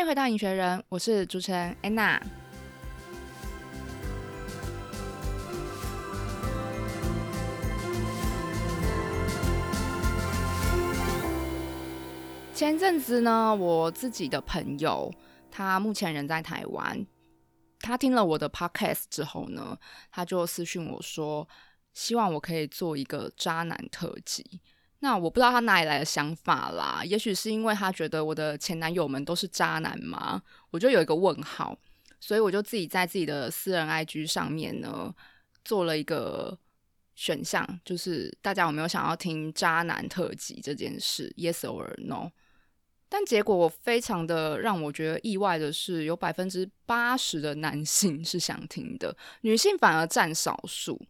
歡迎回到癮學人，我是主持人安娜。前陣子呢，我自己的朋友，他目前人在台灣，他聽了我的 podcast 之後呢，他就私訊我說，希望我可以做一個渣男特輯。那我不知道他哪裡來的想法啦，也許是因為他覺得我的前男友們都是渣男嗎？我就有一個問號，所以我就自己在自己的私人 IG 上面呢，做了一個選項，就是大家有沒有想要聽渣男特輯這件事？Yes or no？但結果我非常的，讓我覺得意外的是有80，有百分之八十的男性是想聽的，女性反而佔少數。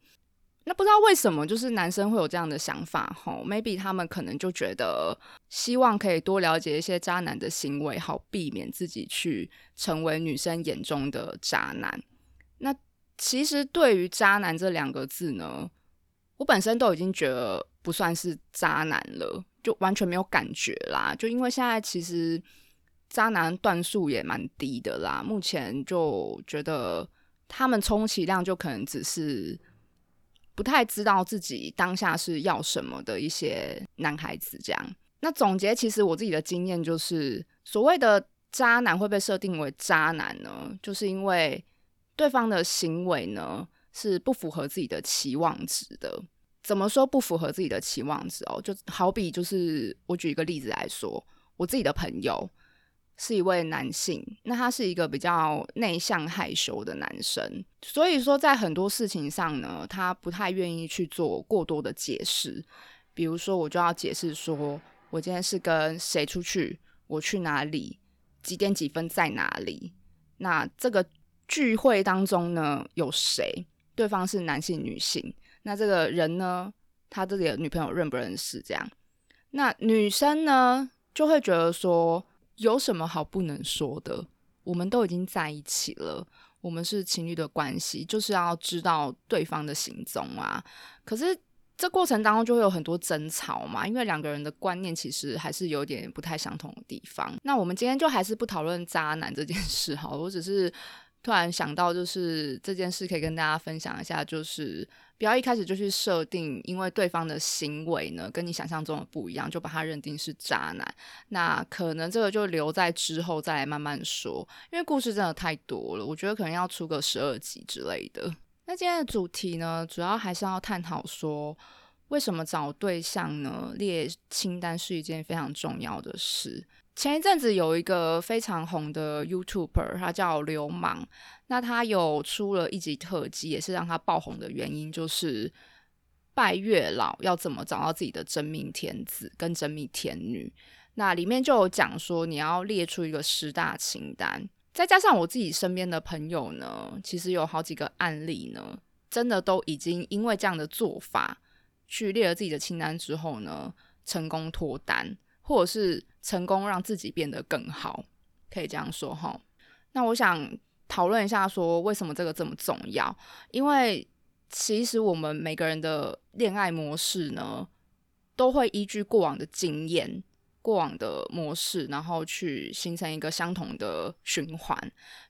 那不知道為什麼，就是男生會有這樣的想法，吼，maybe 他們可能就覺得希望可以多了解一些渣男的行為，好避免自己去成為女生眼中的渣男。那其實對於“渣男”這兩個字呢，我本身都已經覺得不算是渣男了，就完全沒有感覺啦。就因為現在其實渣男段數也蠻低的啦，目前就覺得他們充其量就可能只是。不太知道自己當下是要什麼的一些男孩子，這樣。那總結，其實我自己的經驗就是，所謂的渣男會被設定為渣男呢，就是因為對方的行為呢是不符合自己的期望值的。怎麼說不符合自己的期望值哦？就好比就是我舉一個例子來說，我自己的朋友。是一位男性，那他是一個比較內向害羞的男生，所以說在很多事情上呢，他不太願意去做過多的解釋。比如說，我就要解釋說我今天是跟誰出去，我去哪裡，幾點幾分在哪裡。那這個聚會當中呢，有誰？對方是男性、女性？那這個人呢，他這裡的女朋友認不認識？這樣，那女生呢就會覺得說，有什麼好不能說的？我們都已經在一起了，我們是情侶的關係，就是要知道對方的行蹤啊。可是這過程當中就會有很多爭吵嘛，因為兩個人的觀念其實還是有點不太相同的地方。那我們今天就還是不討論渣男這件事哈，我只是。突然想到，就是這件事可以跟大家分享一下，就是不要一開始就去設定，因為對方的行為呢，跟你想象中的不一樣，就把他認定是渣男。那可能這個就留在之後再來慢慢說，因為故事真的太多了，我覺得可能要出個十二集之類的。那今天的主題呢，主要還是要探討說，為什麼找對象呢？列清單是一件非常重要的事。前一陣子有一個非常紅的 YouTuber，他叫流氓。那他有出了一集特輯，也是讓他爆紅的原因，就是拜月老要怎麼找到自己的真命天子跟真命天女。那裡面就有講說，你要列出一個十大清單，再加上我自己身邊的朋友呢，其實有好幾個案例呢，真的都已經因為這樣的做法。去列了自己的清單之後呢，成功脫單，或者是成功讓自己變得更好，可以這樣說哈。那我想討論一下，說為什麼這個這麼重要？因為其實我們每個人的戀愛模式呢，都會依據過往的經驗、過往的模式，然後去形成一個相同的循環。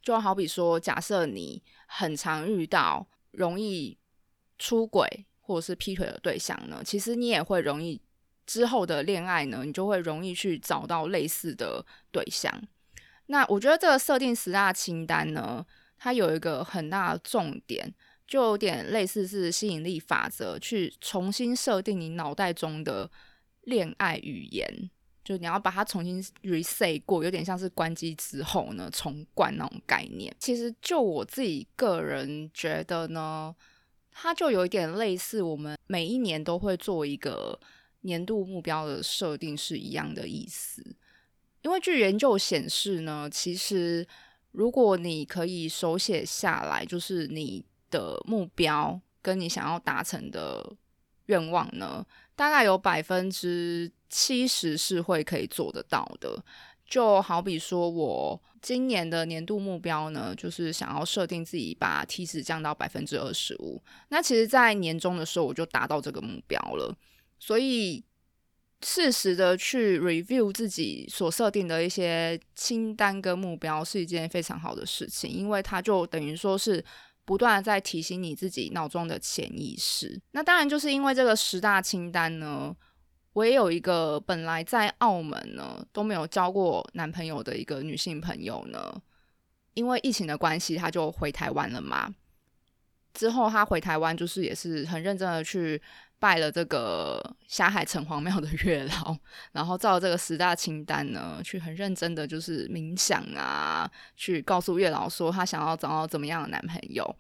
就好比說，假設你很常遇到容易出軌。或者是劈腿的對象呢，其實你也會容易之後的戀愛呢，你就會容易去找到類似的對象。那我覺得這個設定十大清單呢，它有一個很大的重點，就有點類似是吸引力法則，去重新設定你腦袋中的戀愛語言，就你要把它重新 reset 過，有點像是關機之後呢重灌，那種概念。其實就我自己個人覺得呢，它就有一點類似我們每一年都會做一個年度目標的設定是一樣的意思，因為據研究顯示呢，其實如果你可以手寫下來，就是你的目標跟你想要達成的願望呢，大概有百分之七十是會可以做得到的。就好比說，我今年的年度目標呢，就是想要設定自己把體脂降到百分之二十五。那其實，在年終的時候，我就達到這個目標了。所以，適時的去 review 自己所設定的一些清單跟目標，是一件非常好的事情，因為它就等於說是不斷的在提醒你自己腦中的潛意識。那當然，就是因為這個十大清單呢。我也有一個本來在澳門呢都沒有交過男朋友的一個女性朋友呢，因為疫情的關係，她就回台灣了嘛。之後她回台灣，就是也是很認真的去拜了這個霞海城隍廟的月老，然後照這個十大清單呢，去很認真的就是冥想啊，去告訴月老說她想要找到怎麼樣的男朋友。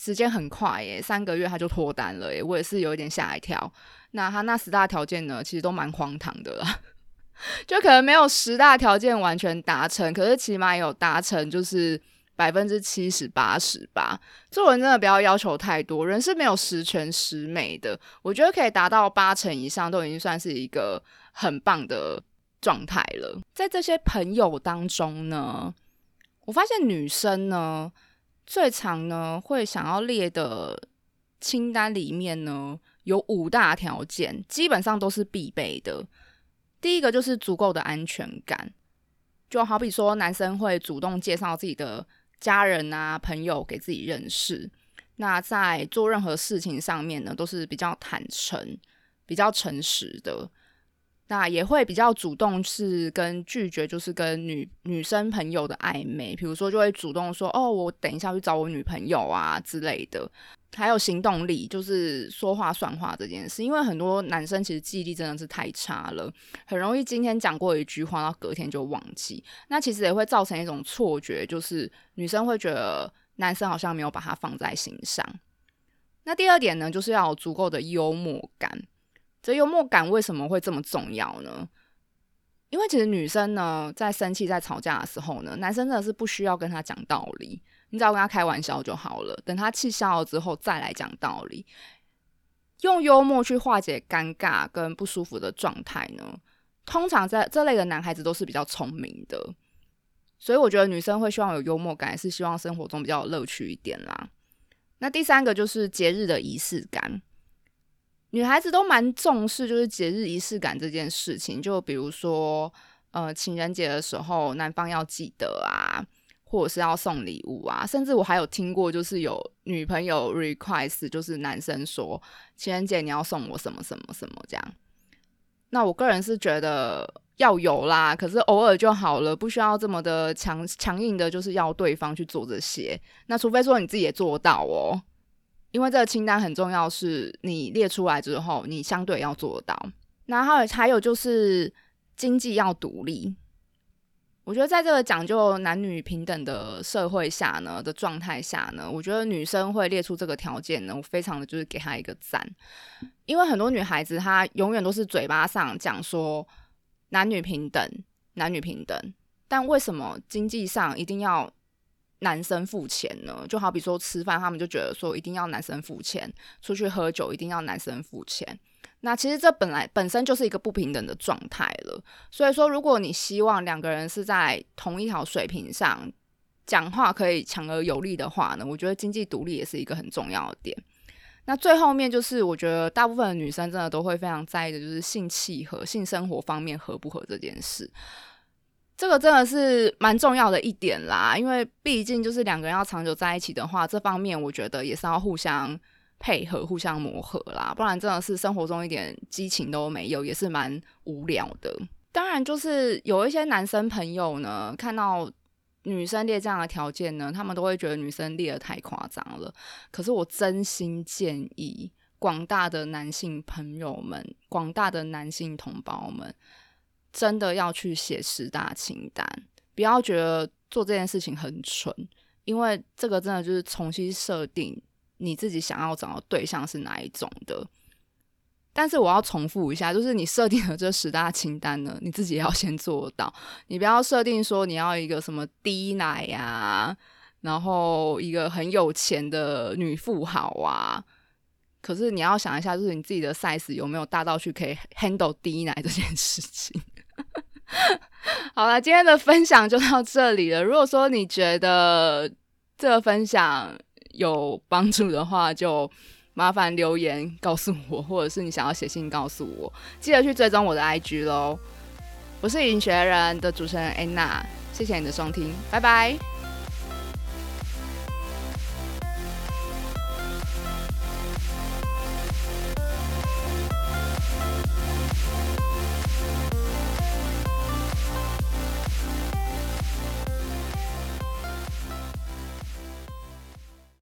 時間很快耶，三個月他就脫單了耶，我也是有一點嚇一跳。那他那十大條件呢，其實都蠻荒唐的啦， 就可能沒有十大條件完全達成，可是起碼有達成，就是百分之七十八十吧。做人真的不要要求太多，人是沒有十全十美的，我覺得可以達到八成以上都已經算是一個很棒的狀態了。在這些朋友當中呢，我發現女生呢。最常呢，會想要列的清單裡面呢，有五大條件，基本上都是必備的。第一個就是足夠的安全感，就好比說男生會主動介紹自己的家人啊、朋友給自己認識，那在做任何事情上面呢，都是比較坦誠、比較誠實的。那也會比較主動，是跟拒絕，就是跟女女生朋友的曖昧，比如說就會主動說，哦，我等一下去找我女朋友啊之類的。還有行動力，就是說話算話這件事，因為很多男生其實記憶力真的是太差了，很容易今天講過一句話，到隔天就忘記。那其實也會造成一種錯覺，就是女生會覺得男生好像沒有把他放在心上。那第二點呢，就是要有足夠的幽默感。這幽默感為什麼會這麼重要呢？因為其實女生呢，在生氣、在吵架的時候呢，男生真的是不需要跟他講道理，你只要跟他開玩笑就好了。等他氣消了之後，再來講道理，用幽默去化解尷尬跟不舒服的狀態呢。通常在這，這類的男孩子都是比較聰明的，所以我覺得女生會希望有幽默感，是希望生活中比較有樂趣一點啦。那第三個就是節日的儀式感。女孩子都蠻重視，就是節日儀式感這件事情。就比如說，呃，情人節的時候，男方要記得啊，或者是要送禮物啊。甚至我還有聽過，就是有女朋友 request，就是男生說情人節你要送我什麼什麼什麼這樣。那我個人是覺得要有啦，可是偶爾就好了，不需要這麼的強強硬的，就是要對方去做這些。那除非說你自己也做到哦。因為這個清單很重要，是你列出來之後，你相對要做到。然後還有就是經濟要獨立。我覺得在這個講究男女平等的社會下呢的狀態下呢，我覺得女生會列出這個條件呢，我非常的就是給她一個讚。因為很多女孩子她永遠都是嘴巴上講說男女平等，男女平等，但為什麼經濟上一定要？男生付錢呢，就好比說吃飯，他們就覺得說一定要男生付錢，出去喝酒一定要男生付錢。那其實這本來本身就是一個不平等的狀態了。所以說，如果你希望兩個人是在同一條水平上講話可以強而有力的話呢，我覺得經濟獨立也是一個很重要的點。那最後面就是，我覺得大部分女生真的都會非常在意的就是性契合、性生活方面合不合這件事。這個真的是蠻重要的一點啦，因為畢竟就是兩個人要長久在一起的話，這方面我覺得也是要互相配合、互相磨合啦，不然真的是生活中一點激情都沒有，也是蠻無聊的。當然，就是有一些男生朋友呢，看到女生列這樣的條件呢，他們都會覺得女生列得太誇張了。可是我真心建議廣大的男性朋友們、廣大的男性同胞們。真的要去寫十大清單，不要覺得做這件事情很蠢，因為這個真的就是重新設定你自己想要找的對象是哪一種的。但是我要重複一下，就是你設定的這十大清單呢，你自己也要先做到。你不要設定說你要一個什麼 D 奶呀、啊，然後一個很有錢的女富豪啊。可是你要想一下，就是你自己的 size 有沒有大到去可以 handle D 奶這件事情。 好了，今天的分享就到這裡了。如果說你覺得這個分享有幫助的話，就麻煩留言告訴我，或者是你想要寫信告訴我，記得去追蹤我的 IG 嘍。我是癮學人的主持人安娜，謝謝你的收聽，拜拜。